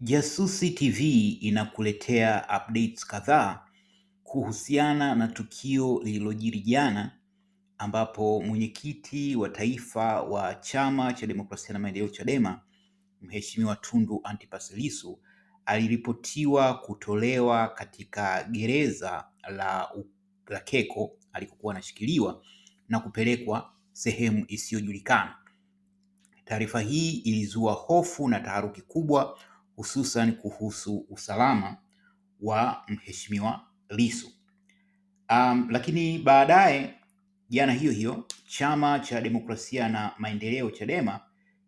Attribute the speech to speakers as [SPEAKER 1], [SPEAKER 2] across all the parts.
[SPEAKER 1] Jasusi TV inakuletea updates kadhaa kuhusiana na tukio lililojiri jana ambapo mwenyekiti wa taifa wa Chama cha Demokrasia na Maendeleo Chadema, Mheshimiwa Tundu Antipas Lissu aliripotiwa kutolewa katika gereza la, la Keko alikokuwa anashikiliwa na kupelekwa sehemu isiyojulikana. Taarifa hii ilizua hofu na taharuki kubwa hususan kuhusu usalama wa mheshimiwa Lissu. Um, lakini baadaye jana hiyo hiyo chama cha demokrasia na maendeleo Chadema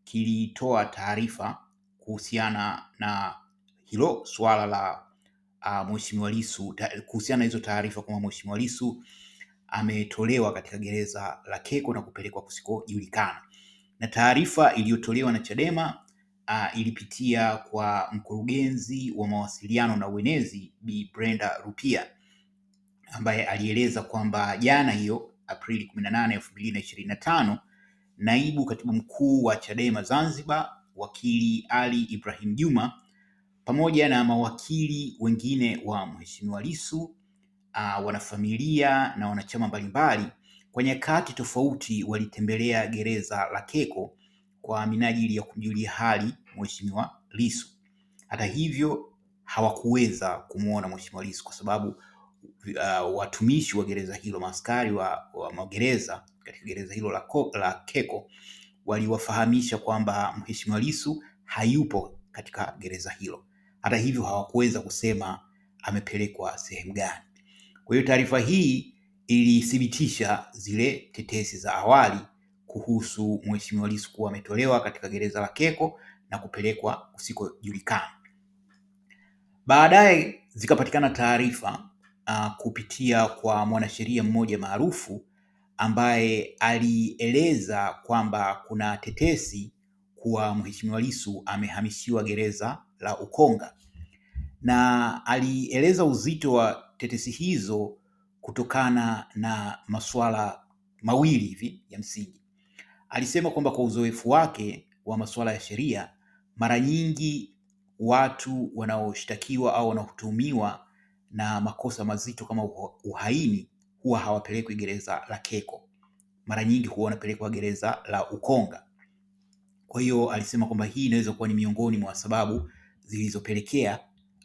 [SPEAKER 1] kilitoa taarifa kuhusiana na hilo swala la uh, mheshimiwa Lissu kuhusiana na hizo taarifa kwamba mheshimiwa Lissu ametolewa katika gereza la Keko na kupelekwa kusikojulikana, na taarifa iliyotolewa na Chadema uh, ilipitia kwa mkurugenzi wa mawasiliano na uenezi Bi Brenda Rupia ambaye alieleza kwamba jana hiyo Aprili 18, 2025 naibu katibu mkuu wa Chadema Zanzibar wakili Ali Ibrahim Juma pamoja na mawakili wengine wa Mheshimiwa Lissu uh, wanafamilia na wanachama mbalimbali kwa nyakati tofauti walitembelea gereza la Keko kwa minajili ya kumjulia hali Mheshimiwa Lissu. Hata hivyo hawakuweza kumwona Mheshimiwa Lissu kwa sababu uh, watumishi wa gereza hilo, maaskari wa, wa magereza katika gereza hilo la, la Keko waliwafahamisha kwamba Mheshimiwa Lissu hayupo katika gereza hilo. Hata hivyo hawakuweza kusema amepelekwa sehemu gani. Kwa hiyo taarifa hii ilithibitisha zile tetesi za awali kuhusu Mheshimiwa Lissu kuwa ametolewa katika gereza la Keko na kupelekwa usikojulikana Baadaye zikapatikana taarifa uh, kupitia kwa mwanasheria mmoja maarufu ambaye alieleza kwamba kuna tetesi kuwa Mheshimiwa Lissu amehamishiwa gereza la Ukonga, na alieleza uzito wa tetesi hizo kutokana na masuala mawili hivi ya msingi. Alisema kwamba kwa uzoefu wake wa masuala ya sheria mara nyingi watu wanaoshtakiwa au wanaotumiwa na makosa mazito kama uhaini huwa hawapelekwi gereza la Keko, mara nyingi huwa wanapelekwa gereza la Ukonga. Kwa hiyo alisema kwamba hii inaweza kuwa ni miongoni mwa sababu zilizopelekea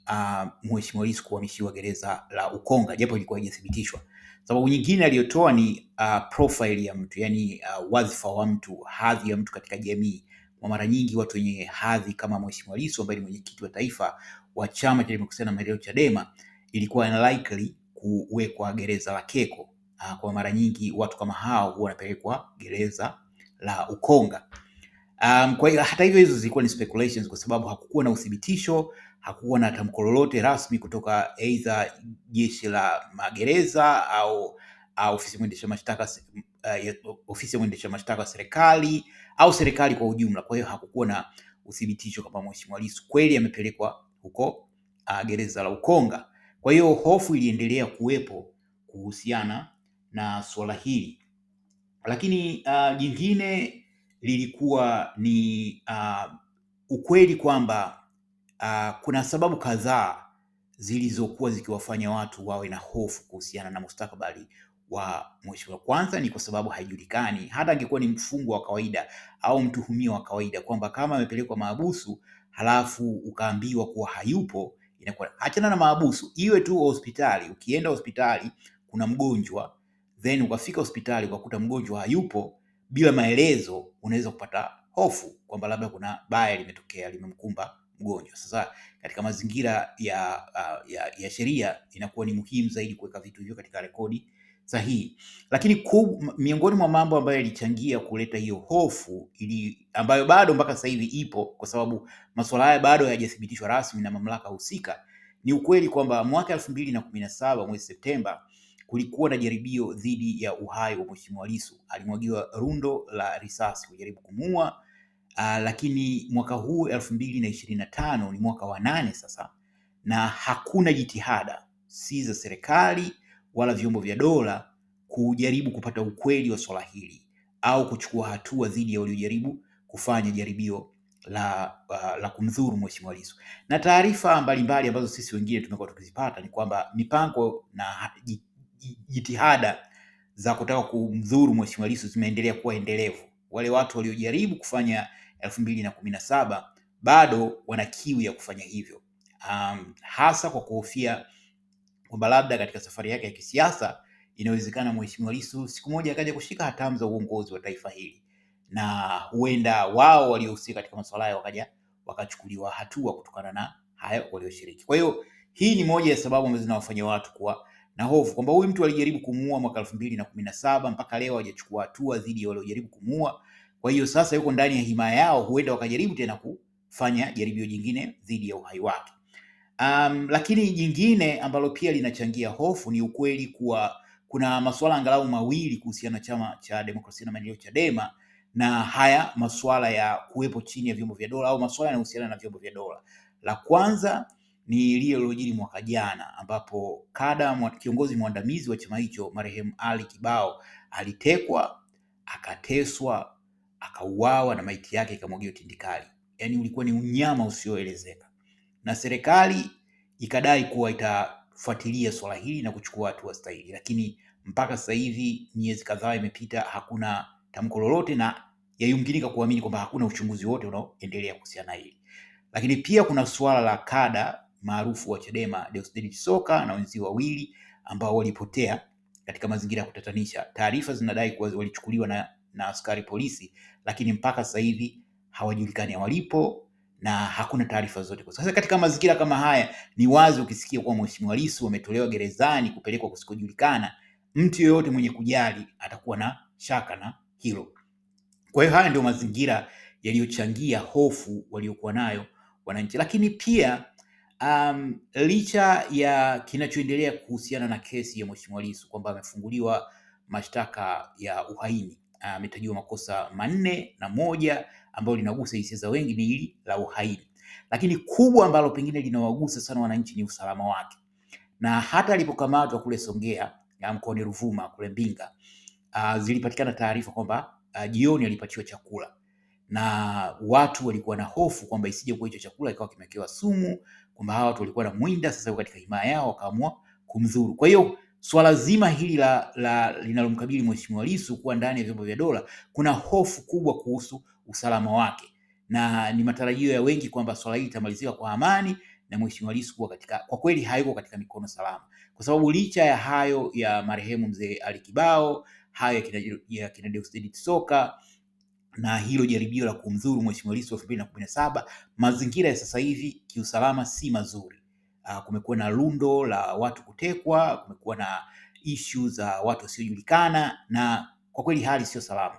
[SPEAKER 1] uh, Mheshimiwa Lissu kuhamishiwa gereza la Ukonga, japo ilikuwa haijathibitishwa. Sababu nyingine aliyotoa ni uh, profile ya mtu, yani uh, wadhifa wa mtu, hadhi ya mtu katika jamii mara nyingi watu wenye hadhi kama Mheshimiwa Lissu ambaye ni mwenyekiti wa taifa wa chama cha demokrasia na maendeleo Chadema, ilikuwa unlikely kuwekwa gereza la Keko. Ah, kwa mara nyingi watu kama hao huwa wanapelekwa gereza la Ukonga. Um, kwa hiyo hata hivyo hizo zilikuwa ni speculations kwa sababu hakukuwa na uthibitisho, hakukuwa na tamko lolote rasmi kutoka aidha jeshi la magereza au, au ofisi mwendesha mashtaka uh, ofisi ya mwendesha mashtaka wa serikali au serikali kwa ujumla. Kwa hiyo hakukuwa na uthibitisho kama Mheshimiwa Lissu kweli amepelekwa huko uh, gereza la Ukonga. Kwa hiyo hofu iliendelea kuwepo kuhusiana na suala hili, lakini uh, jingine lilikuwa ni uh, ukweli kwamba uh, kuna sababu kadhaa zilizokuwa zikiwafanya watu wawe na hofu kuhusiana na mustakabali wa mheshimiwa. Kwanza ni kwa sababu haijulikani, hata angekuwa ni mfungwa wa kawaida au mtuhumiwa wa kawaida, kwamba kama amepelekwa mahabusu halafu ukaambiwa kuwa hayupo, inakuwa achana na mahabusu, iwe tu hospitali. Ukienda hospitali kuna mgonjwa, then ukafika hospitali ukakuta mgonjwa hayupo bila maelezo, unaweza kupata hofu kwamba labda kuna baya limetokea limemkumba mgonjwa. Sasa katika mazingira ya, uh, ya, ya sheria inakuwa ni muhimu zaidi kuweka vitu hivyo katika rekodi sahihi. Lakini miongoni mwa mambo ambayo yalichangia kuleta hiyo hofu ili ambayo bado mpaka sasa hivi ipo, kwa sababu masuala haya bado hayajathibitishwa rasmi na mamlaka husika, ni ukweli kwamba mwaka elfu mbili na kumi na saba mwezi Septemba kulikuwa na jaribio dhidi ya uhai wa Mheshimiwa Lissu. Alimwagiwa rundo la risasi kujaribu kumuua. Uh, lakini mwaka huu elfu mbili na ishirini na tano ni mwaka wa nane sasa, na hakuna jitihada si za serikali wala vyombo vya dola kujaribu kupata ukweli wa swala hili au kuchukua hatua dhidi ya waliojaribu kufanya jaribio la, uh, la kumdhuru Mheshimiwa Lissu. Na taarifa mbalimbali ambazo sisi wengine tumekuwa tukizipata ni kwamba mipango na jitihada za kutaka kumdhuru Mheshimiwa Lissu zimeendelea kuwa endelevu. Wale watu waliojaribu kufanya elfu mbili na kumi na saba bado wana kiu ya kufanya hivyo, um, hasa kwa kuhofia kwamba labda katika safari yake ya kisiasa inawezekana Mheshimiwa Lissu siku moja akaja kushika hatamu za uongozi wa taifa hili, na huenda wao waliohusika katika masuala hayo wakaja wakachukuliwa hatua kutokana na hayo walioshiriki. Kwa hiyo hii ni moja ya sababu ambazo zinawafanya watu kuwa na hofu kwamba huyu mtu alijaribu kumuua mwaka elfu mbili na kumi na saba mpaka leo hajachukua hatua dhidi ya waliojaribu kumuua. Kwa hiyo sasa yuko ndani ya himaya yao, huenda wakajaribu tena kufanya jaribio jingine dhidi ya uhai wake. Um, lakini jingine ambalo pia linachangia hofu ni ukweli kuwa kuna masuala angalau mawili kuhusiana na chama cha demokrasia na maendeleo Chadema na haya masuala ya kuwepo chini ya vyombo vya dola au masuala yanayohusiana na vyombo vya dola. La kwanza ni lile lilojiri mwaka jana ambapo kada kiongozi mwandamizi wa chama hicho marehemu Ali Kibao alitekwa, akateswa, akauawa na maiti yake ikamwagiwa tindikali. Yaani ulikuwa ni unyama usioelezeka na serikali ikadai kuwa itafuatilia swala hili na kuchukua hatua stahili, lakini mpaka sasa hivi miezi kadhaa imepita, hakuna tamko lolote, na yayumkinika kuamini kwamba hakuna uchunguzi wote unaoendelea kuhusiana na hili. Lakini pia kuna suala la kada maarufu wa Chadema Deusdedith Soka na wenzi wawili ambao walipotea katika mazingira ya kutatanisha. Taarifa zinadai kuwa walichukuliwa na, na askari polisi, lakini mpaka sasa hivi hawajulikani walipo na hakuna taarifa zote. Kwa sasa katika mazingira kama haya, ni wazi ukisikia kuwa Mheshimiwa Lissu ametolewa gerezani kupelekwa kusikojulikana, mtu yeyote mwenye kujali atakuwa na shaka na hilo. Kwa hiyo haya ndio mazingira yaliyochangia hofu waliokuwa nayo wananchi, lakini pia um, licha ya kinachoendelea kuhusiana na kesi ya Mheshimiwa Lissu kwamba amefunguliwa mashtaka ya uhaini, ametajiwa makosa manne na moja ambalo linagusa hisia za wengi ni hili la uhaini, lakini kubwa ambalo pengine linawagusa sana wananchi ni usalama wake, na hata alipokamatwa kule Songea mkoani Ruvuma kule Mbinga, uh, zilipatikana taarifa kwamba uh, jioni alipatiwa chakula na watu walikuwa na hofu kwamba isije kuwa hicho chakula ikawa kimekewa sumu, kwamba hawa watu walikuwa na mwinda sasa katika himaya yao wakaamua kumdhuru. Kwa hiyo swala zima hili la, la linalomkabili Mheshimiwa Lissu kuwa ndani ya vyombo vya dola, kuna hofu kubwa kuhusu usalama wake, na ni matarajio ya wengi kwamba swala hili litamalizika kwa amani na Mheshimiwa Lissu kuwa katika, kwa kweli hayuko katika mikono salama, kwa sababu licha ya hayo ya marehemu mzee Ali Kibao, hayo ya kina, kina Soka na hilo jaribio la kumdhuru Mheshimiwa Lissu elfu mbili na kumi na saba, mazingira ya sasa hivi kiusalama si mazuri uh, kumekuwa na lundo la watu kutekwa, kumekuwa na ishu za watu wasiojulikana, na kwa kweli hali sio salama.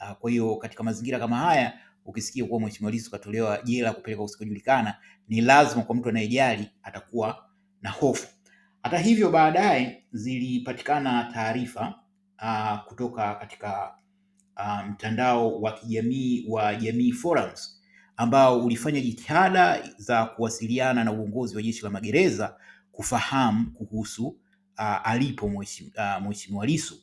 [SPEAKER 1] Uh, kwa hiyo katika mazingira kama haya ukisikia kuwa Mheshimiwa Lissu katolewa jela kupelekwa usikojulikana, ni lazima kwa mtu anayejali atakuwa na hofu. Hata hivyo, baadaye zilipatikana taarifa uh, kutoka katika mtandao um, wa kijamii wa Jamii Forums ambao ulifanya jitihada za kuwasiliana na uongozi wa Jeshi la Magereza kufahamu kuhusu uh, alipo Mheshimiwa uh, Lissu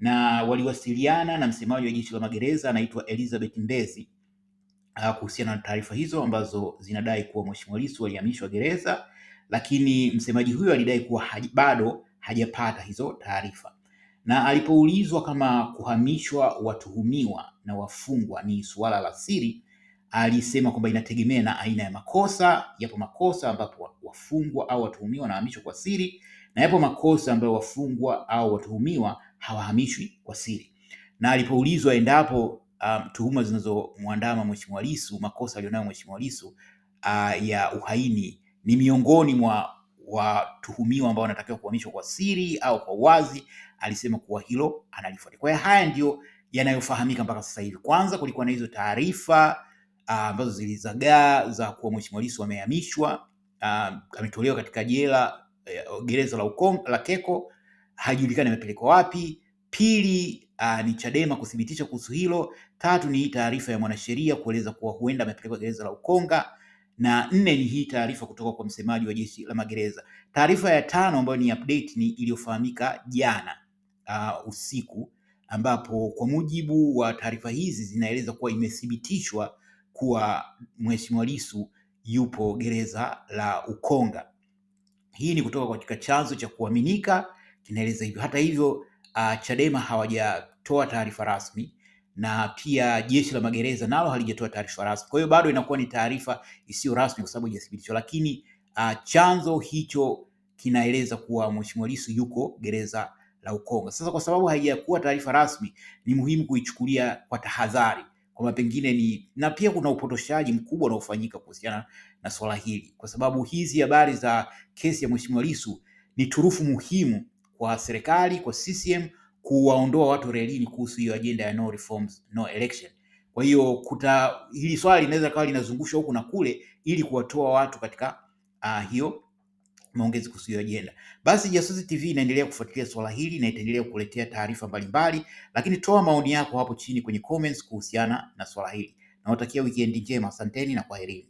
[SPEAKER 1] na waliwasiliana na msemaji wa Jeshi la Magereza anaitwa Elizabeth Mbezi uh, kuhusiana na taarifa hizo ambazo zinadai kuwa Mheshimiwa Lissu alihamishwa gereza, lakini msemaji huyo alidai kuwa haji, bado hajapata hizo taarifa na alipoulizwa kama kuhamishwa watuhumiwa na wafungwa ni suala la siri, alisema kwamba inategemea na aina ya makosa. Yapo makosa ambapo wafungwa au watuhumiwa wanahamishwa kwa siri, na yapo makosa ambayo wafungwa au watuhumiwa hawahamishwi kwa siri. Na alipoulizwa endapo um, tuhuma zinazomwandama Mheshimiwa Lissu, makosa alionayo Mheshimiwa Lissu uh, ya uhaini ni miongoni mwa watuhumiwa ambao wanatakiwa kuhamishwa kwa siri au kwa wazi, alisema kuwa hilo analifuatilia. Kwa hiyo haya ndio yanayofahamika mpaka sasa hivi. Kwanza kulikuwa na hizo taarifa Ah, ambazo uh, zilizagaa za kuwa Mheshimiwa Lissu amehamishwa, uh, ametolewa katika jela uh, gereza la, Ukon, la Keko hajulikani amepelekwa wapi. Pili uh, ni Chadema kuthibitisha kuhusu hilo. Tatu ni hii taarifa ya mwanasheria kueleza kuwa huenda amepelekwa gereza la Ukonga, na nne ni hii taarifa kutoka kwa msemaji wa jeshi la magereza. Taarifa ya tano ambayo ni update ni iliyofahamika jana uh, usiku ambapo kwa mujibu wa taarifa hizi zinaeleza kuwa imethibitishwa kuwa Mheshimiwa Lissu yupo gereza la Ukonga. Hii ni kutoka katika chanzo cha kuaminika kinaeleza hivyo. Hata hivyo, uh, Chadema hawajatoa taarifa rasmi na pia jeshi la magereza nalo halijatoa taarifa rasmi. Kwa hiyo bado inakuwa ni taarifa isiyo rasmi kwa sababu haijathibitishwa, lakini uh, chanzo hicho kinaeleza kuwa Mheshimiwa Lissu yuko gereza la Ukonga. Sasa kwa sababu haijakuwa taarifa rasmi, ni muhimu kuichukulia kwa tahadhari kwamba pengine ni na pia kuna upotoshaji mkubwa unaofanyika kuhusiana na swala hili, kwa sababu hizi habari za kesi ya Mheshimiwa Lissu ni turufu muhimu kwa serikali, kwa CCM kuwaondoa watu relini kuhusu hiyo ajenda ya no reforms, no election. Kwa hiyo kuta hili swali linaweza kawa linazungushwa huku na kule ili kuwatoa watu katika uh, hiyo maongezi kuhusu ajenda. Basi Jasusi TV inaendelea kufuatilia swala hili na itaendelea kukuletea taarifa mbalimbali, lakini toa maoni yako hapo chini kwenye comments kuhusiana na swala hili. Nawatakia weekend njema, asanteni na kwaherini.